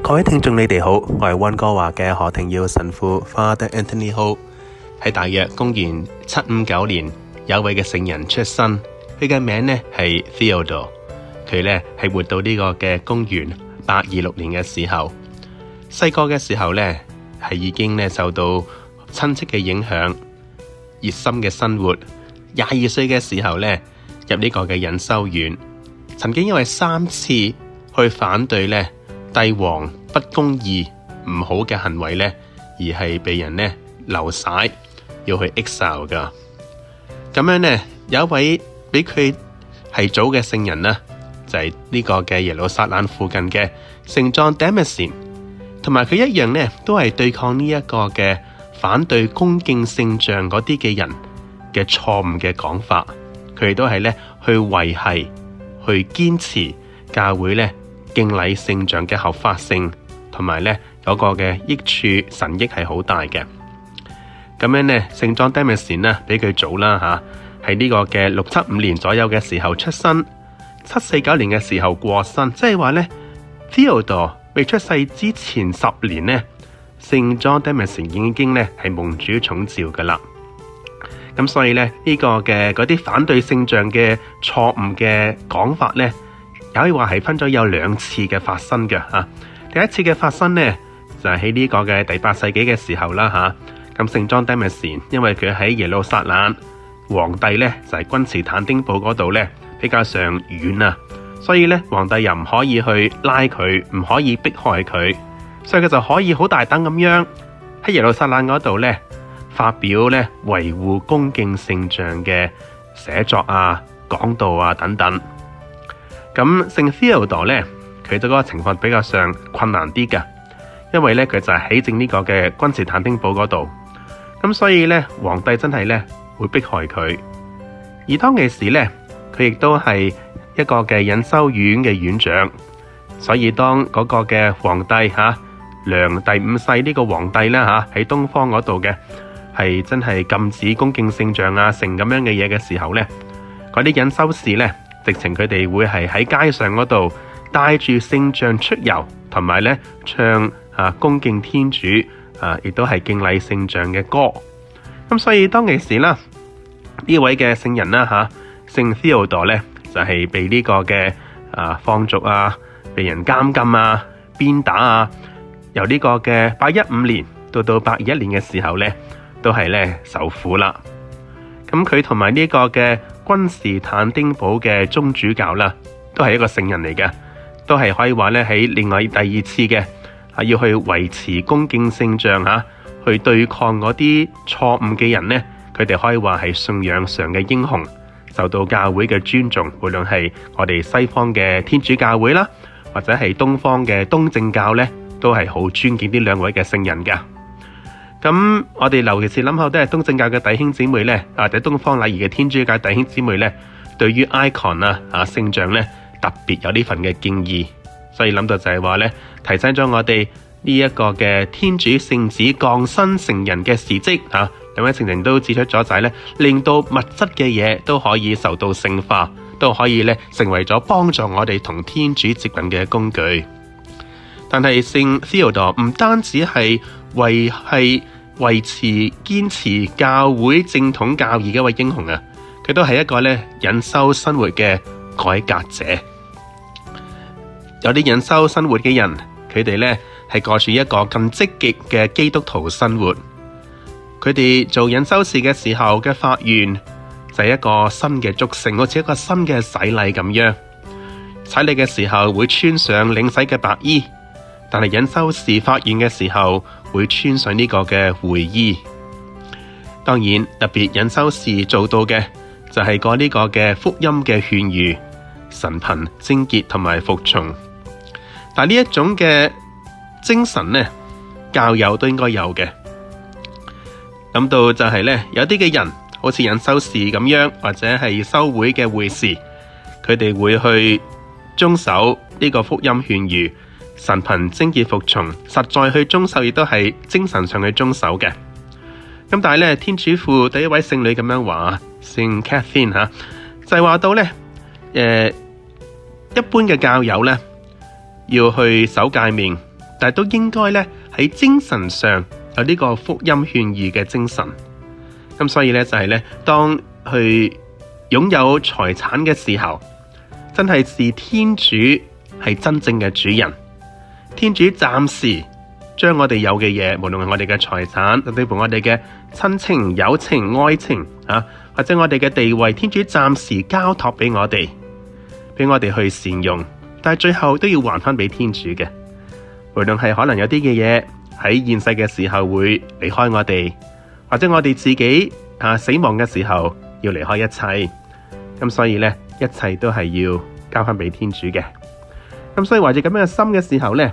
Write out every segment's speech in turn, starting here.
各位聽眾，你哋好，我係溫哥華嘅何庭耀神父 Father Anthony Ho，喺大約公元七五九年有一位嘅聖人出生，佢嘅名呢係 Theodore，佢呢係活到呢個嘅公元八二六年嘅時候。細個嘅時候呢係已經呢受到親戚嘅影響，熱心嘅生活。廿二歲嘅時候呢入呢個嘅隱修院，曾經因為三次去反對呢。帝王不公義唔好嘅行為呢，而係被人呢流晒要去 exile 噶。咁樣呢，有一位俾佢係早嘅聖人呢，就係呢個嘅耶路撒冷附近嘅聖狀 Demasin，同埋佢一樣呢，都係對抗呢一個嘅反對恭敬聖像嗰啲嘅人嘅錯誤嘅講法，佢哋都係呢去維繫、去堅持教會呢，敬禮聖像嘅合法性，同埋咧嗰個嘅益處神益係好大嘅。咁樣咧，聖裝 Damian 咧比佢早啦吓，喺呢個嘅六七五年左右嘅時候出生，七四九年嘅時候過身，即係話咧 Theodore 未出世之前十年咧，聖裝 Damian 已經咧係蒙主寵召噶啦。咁所以咧呢、這個嘅嗰啲反對聖像嘅錯誤嘅講法咧，可以話係分咗有兩次嘅發生嘅吓、啊，第一次嘅發生呢，就係喺呢個嘅第八世紀嘅時候啦吓，咁聖莊戴名禪，en, 因為佢喺耶路撒冷皇帝呢，就係、是、君士坦丁堡嗰度呢，比較上遠啊，所以呢，皇帝又唔可以去拉佢，唔可以逼害佢，所以佢就可以好大膽咁樣喺耶路撒冷嗰度呢發表呢維護恭敬聖像嘅寫作啊、講道啊等等。咁聖西奧多咧，佢就嗰個情況比較上困難啲噶，因為咧佢就係喺正呢個嘅君士坦丁堡嗰度，咁所以咧皇帝真係咧會迫害佢，而當其時咧，佢亦都係一個嘅隱修院嘅院長，所以當嗰個嘅皇帝吓、啊、良第五世呢個皇帝啦吓喺東方嗰度嘅係真係禁止恭敬聖像，啊成咁樣嘅嘢嘅時候咧，嗰啲隱修士咧。直情佢哋會係喺街上嗰度帶住聖像出遊，同埋咧唱啊恭敬天主啊，亦都係敬禮聖像嘅歌。咁所以當其時啦，呢位嘅聖人啦吓聖西奧多咧，odore, 就係被呢個嘅啊放逐啊，被人監禁啊、鞭打啊。由呢個嘅八一五年到到八二一年嘅時候咧，都係咧受苦啦。咁佢同埋呢個嘅。君士坦丁堡嘅宗主教啦，都係一個聖人嚟嘅，都係可以話咧喺另外第二次嘅啊，要去維持恭敬聖像吓，去對抗嗰啲錯誤嘅人呢，佢哋可以話係信仰上嘅英雄，受到教會嘅尊重，無論係我哋西方嘅天主教會啦，或者係東方嘅東正教呢，都係好尊敬呢兩位嘅聖人嘅。咁我哋尤其是諗下都係東正教嘅弟兄姊妹呢，啊，或者東方禮儀嘅天主教弟兄姊妹呢，對於 icon 啊，啊聖像呢特別有呢份嘅敬意，所以諗到就係話呢提升咗我哋呢一個嘅天主聖子降生成人嘅事蹟啊，兩位聖人都指出咗仔呢，令到物質嘅嘢都可以受到聖化，都可以呢成為咗幫助我哋同天主接近嘅工具。但係聖 Theodore 唔單止係。維繫維持堅持教會正統教義嘅一位英雄啊，佢都係一個咧隱修生活嘅改革者。有啲隱修生活嘅人，佢哋咧係過住一個咁積極嘅基督徒生活。佢哋做隱修士嘅時候嘅發願就係、是、一個新嘅祝聖，好似一個新嘅洗禮咁樣。洗禮嘅時候會穿上領洗嘅白衣，但係隱修士發願嘅時候，會穿上呢個嘅會衣，當然特別引修士做到嘅就係、是、過呢個嘅福音嘅勸諭、神貧、貞潔同埋服從。但呢一種嘅精神呢，教友都應該有嘅。諗到就係呢：有啲嘅人好似引修士咁樣，或者係修會嘅會士，佢哋會去遵守呢個福音勸諭。神憑貞潔服從，實在去遵守，亦都係精神上去遵守嘅。咁、嗯、但係咧，天主父第一位聖女咁樣話，聖 Catherine 吓，就係、是、話到咧，誒、呃，一般嘅教友咧要去守戒面，但係都應該咧喺精神上有呢個福音勸喻嘅精神。咁、嗯、所以咧就係、是、咧，當佢擁有財產嘅時候，真係是天主係真正嘅主人。天主暫時將我哋有嘅嘢，無論係我哋嘅財產，甚至乎我哋嘅親情、友情、愛情啊，或者我哋嘅地位，天主暫時交託俾我哋，俾我哋去善用，但係最後都要還返俾天主嘅。無論係可能有啲嘅嘢喺現世嘅時候會離開我哋，或者我哋自己啊死亡嘅時候要離開一切，咁、嗯、所以呢，一切都係要交翻俾天主嘅。咁、嗯、所以懷住咁樣嘅心嘅時候呢。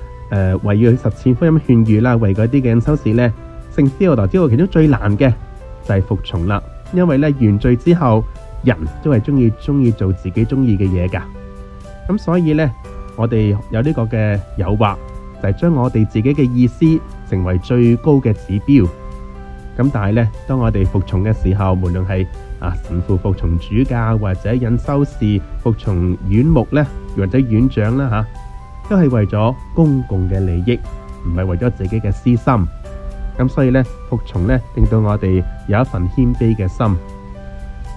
誒，為要去實踐福音勸諭啦，為嗰啲嘅隱修士咧，聖司徒就知道其中最難嘅就係服從啦，因為咧，原罪之後，人都係中意中意做自己中意嘅嘢噶，咁所以咧，我哋有呢個嘅誘惑，就係將我哋自己嘅意思成為最高嘅指標，咁但係咧，當我哋服從嘅時候，無論係啊神父服從主教，或者隱修士服從院牧咧，或者院長啦吓。都係為咗公共嘅利益，唔係為咗自己嘅私心。咁所以呢，服從呢，令到我哋有一份謙卑嘅心。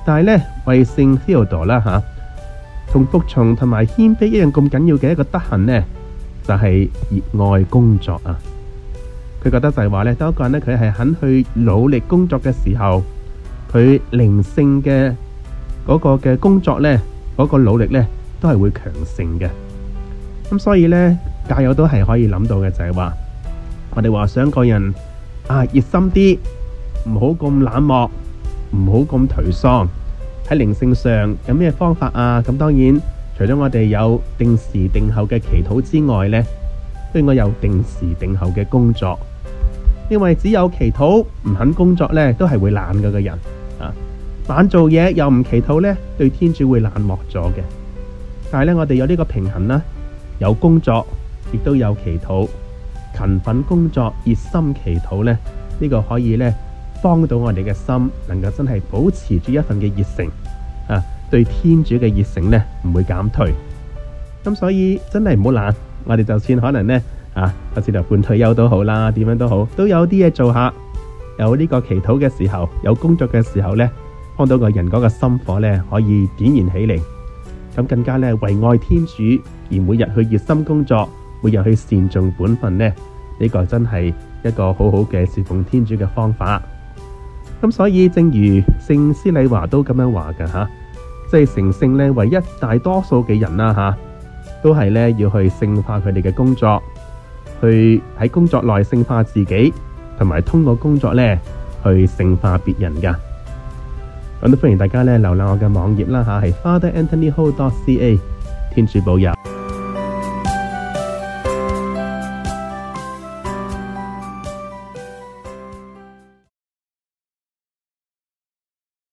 但係呢，為聖 Cedro 啦吓，同服從同埋謙卑一樣咁緊要嘅一個德行呢，就係熱愛工作啊。佢覺得就係話呢，當一個人呢，佢係肯去努力工作嘅時候，佢靈性嘅嗰個嘅工作呢，嗰個努力呢，都係會強盛嘅。咁所以呢，教友都係可以諗到嘅，就係話我哋話想個人啊，熱心啲，唔好咁冷漠，唔好咁頹喪。喺靈性上有咩方法啊？咁當然除咗我哋有定時定候嘅祈禱之外呢，都應該有定時定候嘅工作。因為只有祈禱唔肯工作呢，都係會懶嘅。個人啊，懶做嘢又唔祈禱呢，對天主會冷漠咗嘅。但係呢，我哋有呢個平衡啦。有工作，亦都有祈禱，勤奮工作，熱心祈禱呢，呢個可以呢幫到我哋嘅心，能夠真係保持住一份嘅熱誠啊，對天主嘅熱誠呢，唔會減退。咁所以真係唔好懶，我哋就算可能呢，啊，就算就半退休都好啦，點樣都好，都有啲嘢做一下，有呢個祈禱嘅時候，有工作嘅時候呢，幫到個人嗰個心火呢，可以點燃起嚟。咁更加咧為愛天主而每日去熱心工作，每日去善盡本分咧，呢個真係一個好好嘅侍奉天主嘅方法。咁所以，正如聖施禮華都咁樣話嘅吓，即係成聖咧，唯一大多數嘅人啊吓，都係咧要去聖化佢哋嘅工作，去喺工作內聖化自己，同埋通過工作咧去聖化別人噶。咁都歡迎大家呢瀏覽我嘅網頁啦嚇，係 FatherAnthonyHall.CA，天主保佑。